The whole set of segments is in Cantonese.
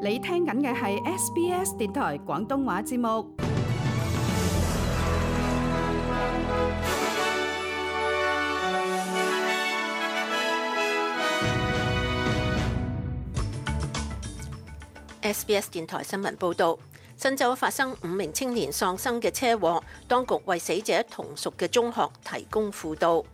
你聽緊嘅係 SBS 電台廣東話節目。SBS 電台新聞報道：新州發生五名青年喪生嘅車禍，當局為死者同屬嘅中學提供輔導。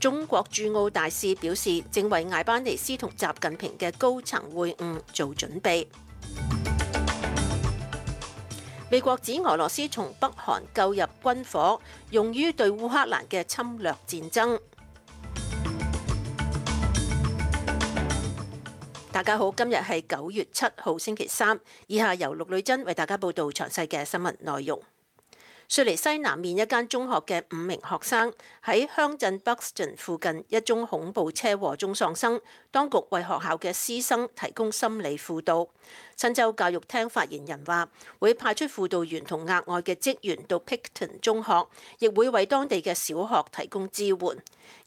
中國駐澳大使表示，正為艾班尼斯同習近平嘅高層會晤做準備。美國指俄羅斯從北韓購入軍火，用於對烏克蘭嘅侵略戰爭。大家好，今日係九月七號星期三，以下由陸女珍為大家報道詳細嘅新聞內容。雪梨西南面一間中學嘅五名學生喺鄉鎮 Buxton 附近一宗恐怖車禍中喪生，當局為學校嘅師生提供心理輔導。新州教育廳發言人話：會派出輔導員同額外嘅職員到 Picton 中學，亦會為當地嘅小學提供支援。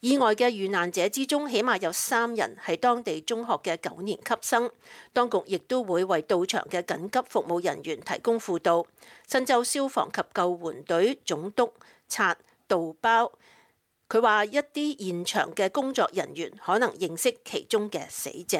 意外嘅遇難者之中，起碼有三人係當地中學嘅九年級生。當局亦都會為到場嘅緊急服務人員提供輔導。新州消防及救援隊總督察杜包，佢話一啲現場嘅工作人員可能認識其中嘅死者。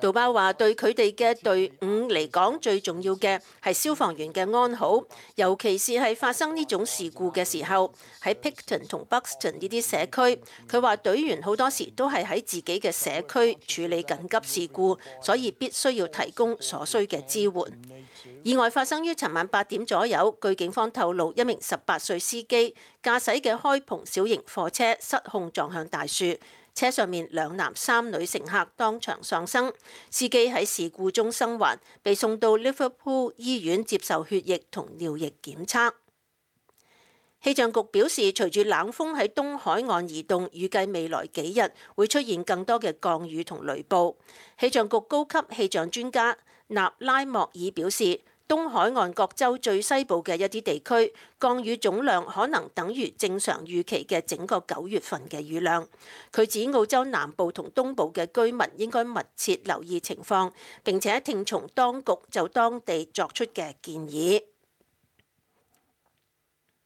杜巴話：對佢哋嘅隊伍嚟講，最重要嘅係消防員嘅安好，尤其是係發生呢種事故嘅時候，喺 Picton 同 Buxton 呢啲社區，佢話隊員好多時都係喺自己嘅社區處理緊急事故，所以必須要提供所需嘅支援。意外發生於尋晚八點左右，據警方透露，一名十八歲司機駕駛嘅開篷小型貨車失控撞向大樹。車上面兩男三女乘客當場喪生，司機喺事故中生還，被送到 Liverpool 醫院接受血液同尿液檢測。氣象局表示，隨住冷風喺東海岸移動，預計未來幾日會出現更多嘅降雨同雷暴。氣象局高級氣象專家納拉莫爾表示。東海岸各州最西部嘅一啲地區，降雨總量可能等於正常預期嘅整個九月份嘅雨量。佢指澳洲南部同東部嘅居民應該密切留意情況，並且聽從當局就當地作出嘅建議。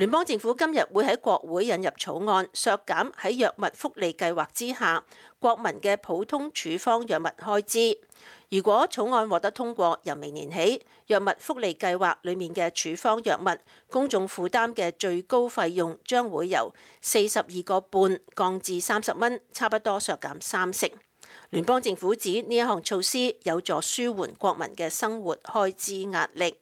聯邦政府今日會喺國會引入草案，削減喺藥物福利計劃之下國民嘅普通處方藥物開支。如果草案獲得通過，由明年起，藥物福利計劃裡面嘅處方藥物，公眾負擔嘅最高費用將會由四十二個半降至三十蚊，差不多削減三成。聯邦政府指呢一項措施有助舒緩國民嘅生活開支壓力。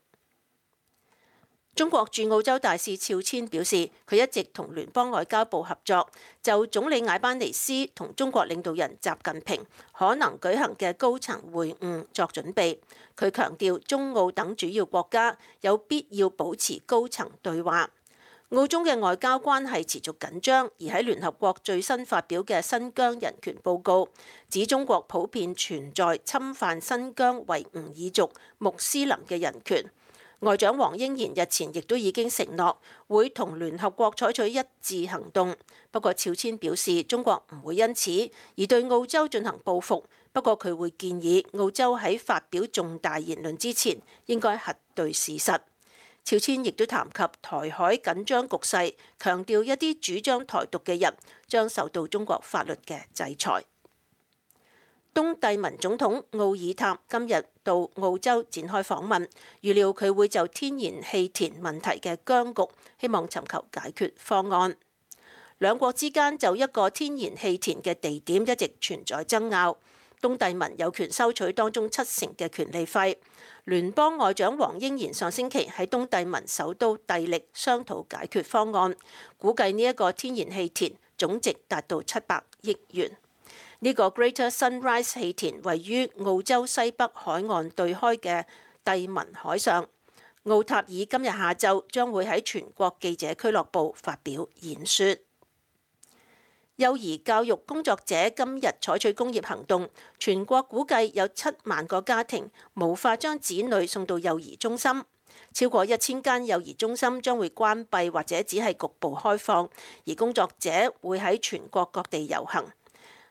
中國駐澳洲大使肖千表示，佢一直同聯邦外交部合作，就總理艾班尼斯同中國領導人習近平可能舉行嘅高層會晤作準備。佢強調，中澳等主要國家有必要保持高層對話。澳中嘅外交關係持續緊張，而喺聯合國最新發表嘅新疆人權報告指，中國普遍存在侵犯新疆維吾爾族穆斯林嘅人權。外長黃英賢日前亦都已經承諾會同聯合國採取一致行動，不過肖千表示，中國唔會因此而對澳洲進行報復。不過佢會建議澳洲喺發表重大言論之前應該核對事實。肖千亦都談及台海緊張局勢，強調一啲主張台獨嘅人將受到中國法律嘅制裁。東帝汶總統奧爾塔今日到澳洲展開訪問，預料佢會就天然氣田問題嘅僵局，希望尋求解決方案。兩國之間就一個天然氣田嘅地點一直存在爭拗，東帝汶有權收取當中七成嘅權利費。聯邦外長黃英賢上星期喺東帝汶首都帝力商討解決方案，估計呢一個天然氣田總值達到七百億元。呢個 Greater Sunrise 氣田位於澳洲西北海岸對開嘅帝汶海上。奧塔爾今日下晝將會喺全國記者俱樂部發表演說。幼兒教育工作者今日採取工業行動，全國估計有七萬個家庭無法將子女送到幼兒中心，超過一千間幼兒中心將會關閉或者只係局部開放，而工作者會喺全國各地遊行。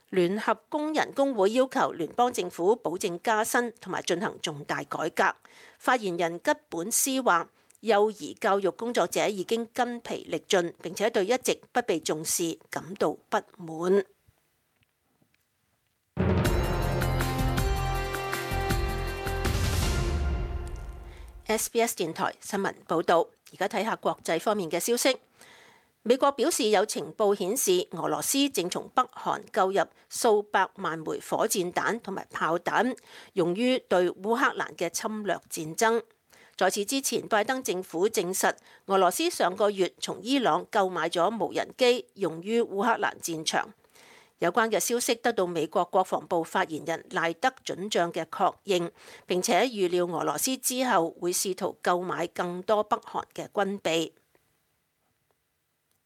聯合工人工會要求聯邦政府保證加薪同埋進行重大改革。發言人吉本斯話，幼兒教育工作者已經筋疲力盡，並且對一直不被重視感到不滿。SBS 電台新聞報導，而家睇下國際方面嘅消息。美國表示有情報顯示，俄羅斯正從北韓購入數百萬枚火箭彈同埋炮彈，用於對烏克蘭嘅侵略戰爭。在此之前，拜登政府證實俄羅斯上個月從伊朗購買咗無人機，用於烏克蘭戰場。有關嘅消息得到美國國防部發言人賴德準將嘅確認，並且預料俄羅斯之後會試圖購買更多北韓嘅軍備。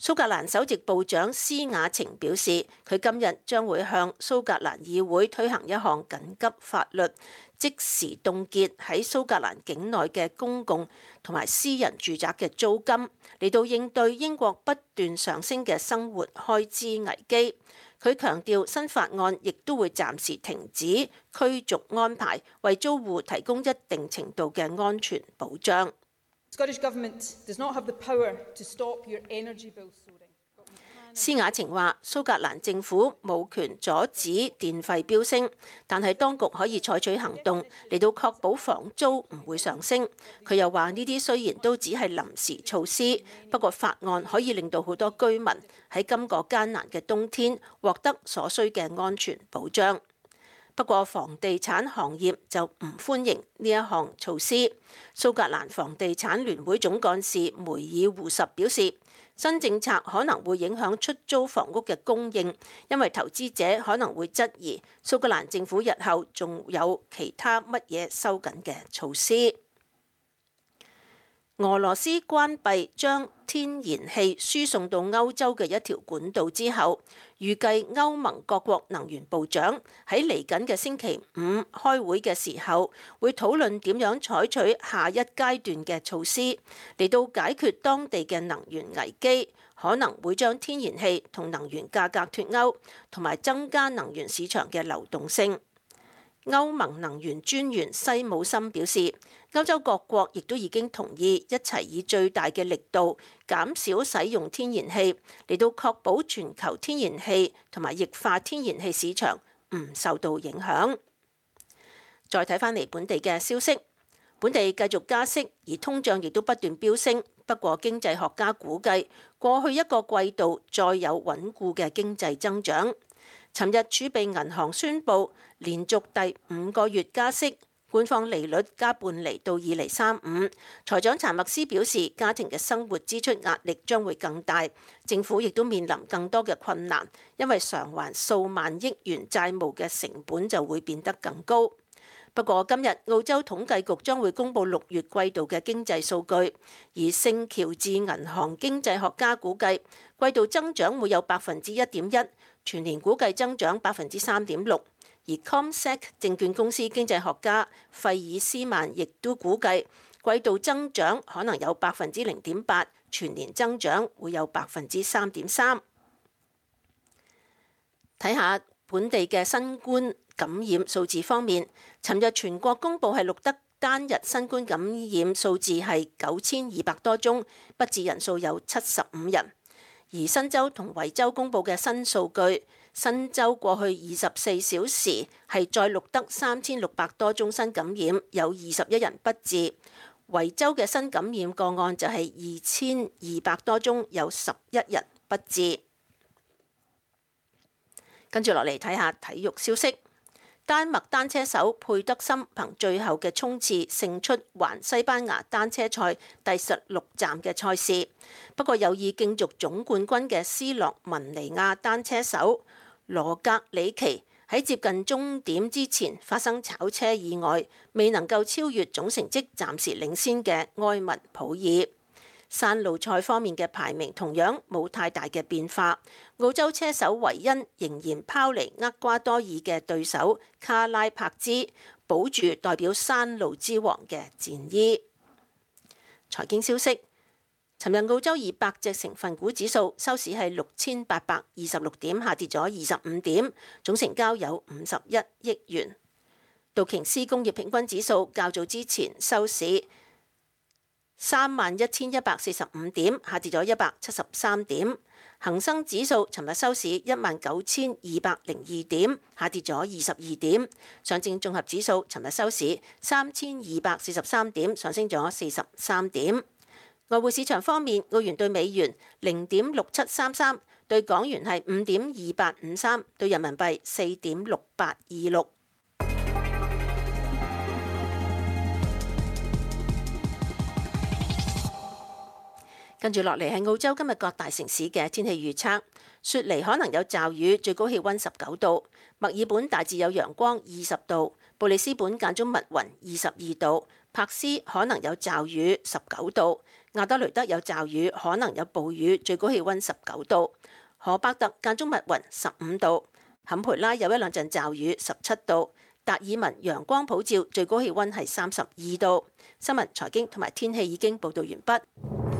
蘇格蘭首席部長施雅程表示，佢今日將會向蘇格蘭議會推行一項緊急法律，即時凍結喺蘇格蘭境內嘅公共同埋私人住宅嘅租金，嚟到應對英國不斷上升嘅生活開支危機。佢強調，新法案亦都會暫時停止驅逐安排，為租戶提供一定程度嘅安全保障。施雅晴話：蘇格蘭政府冇權阻止電費飆升，但係當局可以採取行動嚟到確保房租唔會上升。佢又話：呢啲雖然都只係臨時措施，不過法案可以令到好多居民喺今個艱難嘅冬天獲得所需嘅安全保障。不過，房地產行業就唔歡迎呢一項措施。蘇格蘭房地產聯會總幹事梅爾胡什表示，新政策可能會影響出租房屋嘅供應，因為投資者可能會質疑蘇格蘭政府日後仲有其他乜嘢收緊嘅措施。俄羅斯關閉將天然氣輸送到歐洲嘅一條管道之後，預計歐盟各國能源部長喺嚟緊嘅星期五開會嘅時候，會討論點樣採取下一階段嘅措施，嚟到解決當地嘅能源危機，可能會將天然氣同能源價格脫鈎，同埋增加能源市場嘅流動性。歐盟能源專員西姆森表示，歐洲各國亦都已經同意一齊以最大嘅力度。減少使用天然氣，嚟到確保全球天然氣同埋液化天然氣市場唔受到影響。再睇返嚟本地嘅消息，本地繼續加息，而通脹亦都不斷飆升。不過經濟學家估計過去一個季度再有穩固嘅經濟增長。尋日儲備銀行宣布連續第五個月加息。官方利率加半厘到二釐三五，財長查默斯表示，家庭嘅生活支出壓力將會更大，政府亦都面臨更多嘅困難，因為償還數萬億元債務嘅成本就會變得更高。不過今日澳洲統計局將會公布六月季度嘅經濟數據，而聖喬治銀行經濟學家估計季度增長會有百分之一點一，全年估計增長百分之三點六。而 Comsec 證券公司經濟學家費爾斯曼亦都估計季度增長可能有百分之零點八，全年增長會有百分之三點三。睇下本地嘅新冠感染數字方面，尋日全國公佈係錄得單日新冠感染數字係九千二百多宗，不治人數有七十五人。而新州同維州公佈嘅新數據。新州過去二十四小時係再錄得三千六百多宗新感染，有二十一人不治。維州嘅新感染個案就係二千二百多宗，有十一人不治。跟住落嚟睇下看看體育消息，丹麥單車手佩德森憑最後嘅衝刺勝出環西班牙單車賽第十六站嘅賽事。不過有意競逐總冠軍嘅斯洛文尼亞單車手羅格里奇喺接近終點之前發生炒車意外，未能夠超越總成績暫時領先嘅埃文普爾。山路賽方面嘅排名同樣冇太大嘅變化。澳洲車手維恩仍然拋離厄瓜多爾嘅對手卡拉柏茲，保住代表山路之王嘅戰衣。財經消息。尋日澳洲二百隻成分股指數收市喺六千八百二十六點，下跌咗二十五點，總成交有五十一億元。道瓊斯工業平均指數較早之前收市三萬一千一百四十五點，下跌咗一百七十三點。恒生指數尋日收市一萬九千二百零二點，下跌咗二十二點。上證綜合指數尋日收市三千二百四十三點，上升咗四十三點。外匯市場方面，澳元對美元零點六七三三，對港元係五點二八五三，對人民幣四點六八二六。跟住落嚟係澳洲今日各大城市嘅天氣預測，雪梨可能有驟雨，最高氣溫十九度，墨爾本大致有陽光，二十度，布里斯本間中密雲，二十二度。柏斯可能有驟雨，十九度；亞德雷德有驟雨，可能有暴雨，最高氣溫十九度；可伯特間中密雲，十五度；坎培拉有一兩陣驟雨，十七度；達爾文陽光普照，最高氣溫係三十二度。新聞、財經同埋天氣已經報道完畢。